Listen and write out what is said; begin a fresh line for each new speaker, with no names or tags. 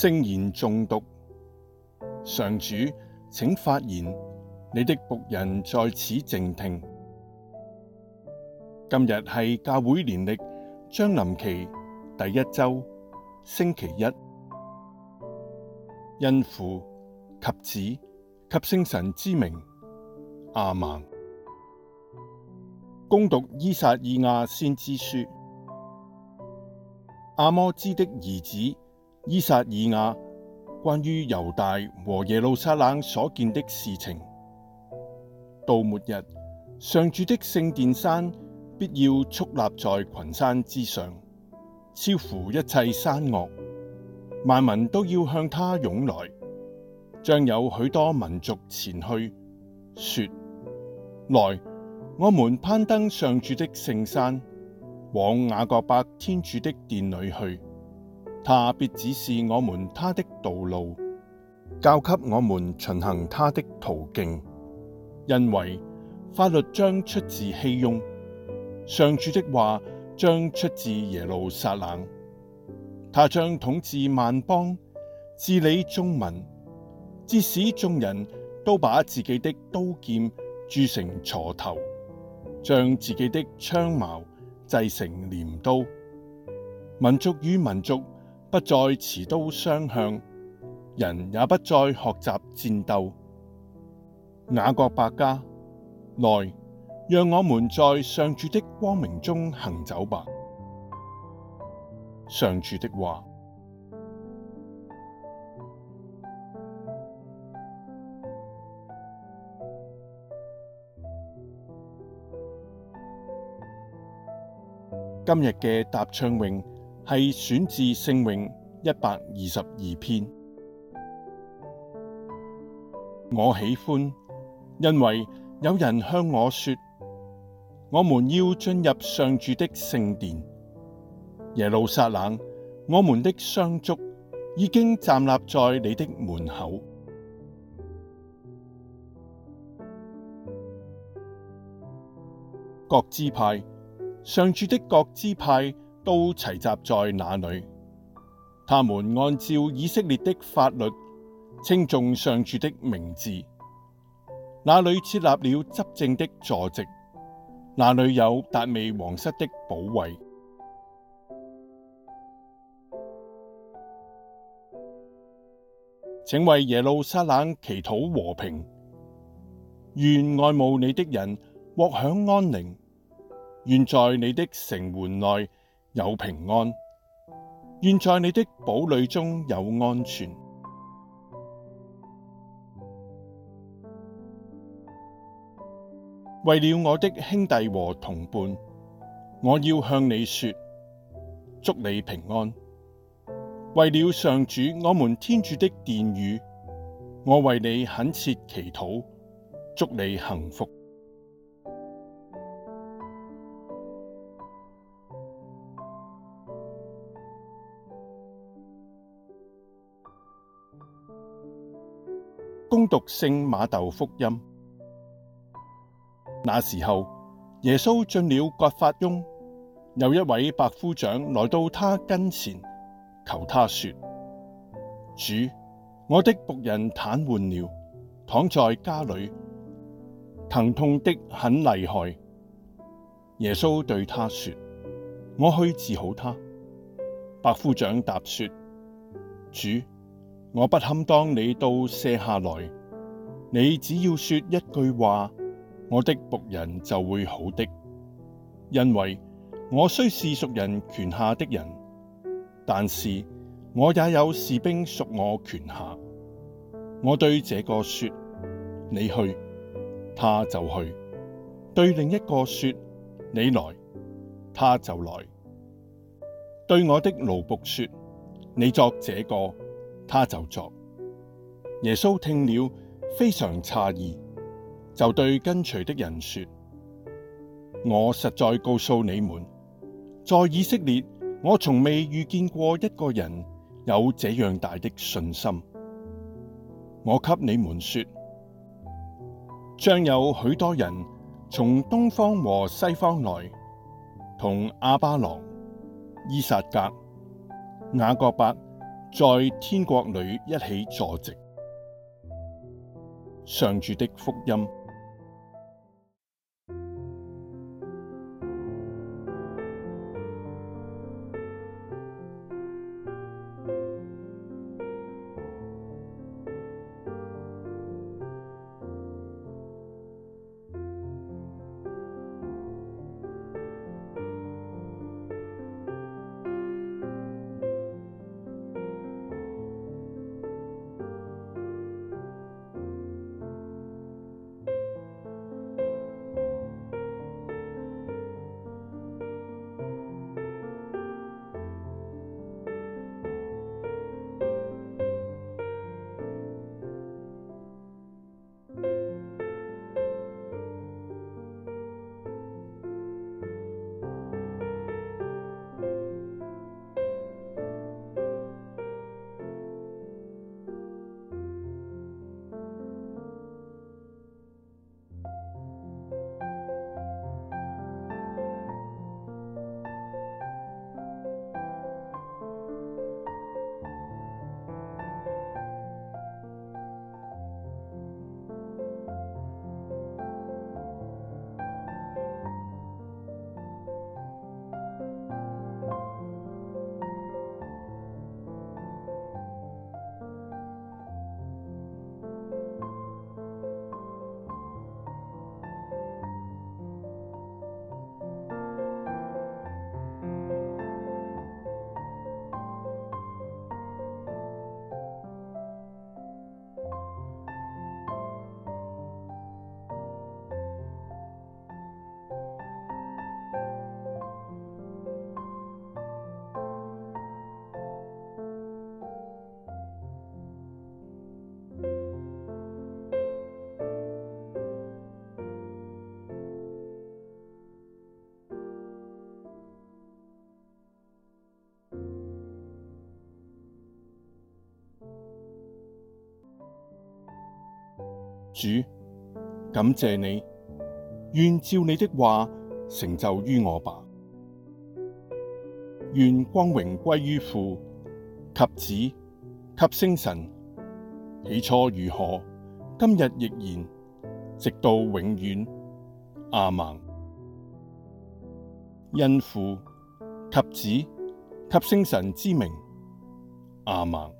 聖言誦讀，上主，請發言，你的僕人在此靜聽。今日係教會年曆將臨期第一周，星期一，因父及子及聖神之名，阿們。恭讀依撒意亞先知書，阿摩茲的兒子。伊撒以亞關於猶大和耶路撒冷所見的事情，到末日，上主的聖殿山必要矗立在群山之上，超乎一切山岳，萬民都要向他湧來，將有許多民族前去。說：來，我們攀登上主的聖山，往雅各伯天主的殿裏去。他必指示我們他的道路，教給我們循行他的途徑，因為法律將出自熙雍；上主的話將出自耶路撒冷。他將統治萬邦，治理眾民，致使眾人都把自己的刀劍鑄成鋤頭，將自己的槍矛製成鐮刀，民族與民族。不再持刀相向，人也不再學習戰鬥。雅各伯家，來，讓我們在上主的光明中行走吧。上主的話。今日嘅答唱詠。」係選自聖詠一百二十二篇。我喜歡，因為有人向我說，我們要進入上主的聖殿。耶路撒冷，我們的雙足已經站立在你的門口。各支派，上主的各支派。都齊集在那裏。他們按照以色列的法律稱頌上主的名字。那裏設立了執政的座席，那裏有達味王室的寶位。請為耶路撒冷祈禱和平，願愛慕你的人獲享安寧，願在你的城門內，有平安，願在你的堡壘中有安全。為了我的兄弟和同伴，我要向你說，祝你平安。為了上主我們天主的殿宇，我為你懇切祈禱，祝你幸福。恭讀聖瑪竇福音。那時候，耶穌進了葛法翁，有一位百夫長來到他跟前，求他說：主，我的僕人癱瘓了，躺在家裡，疼痛的很厲害。耶穌對他說：我去治好他。百夫長答說：主。我不堪當你到舍下來，你只要說一句話，我的僕人就會好的。因為我雖是屬人權下的人，但是我也有士兵屬我權下。我對這個說你去，他就去；對另一個說你來，他就來；對我的奴僕說你作這個。他就作。耶穌聽了非常詫異，就對跟隨的人說：我實在告訴你們，在以色列我從未遇見過一個人有這樣大的信心。我給你們說，將有許多人從東方和西方來，同亞巴郎、依撒格、雅各伯。在天國裏一起坐席，上主的福音。主，感謝你，願照你的話成就於我吧。願光榮歸於父及子及聖神，起初如何，今日亦然，直到永遠。阿們。因父及子及聖神之名。阿們。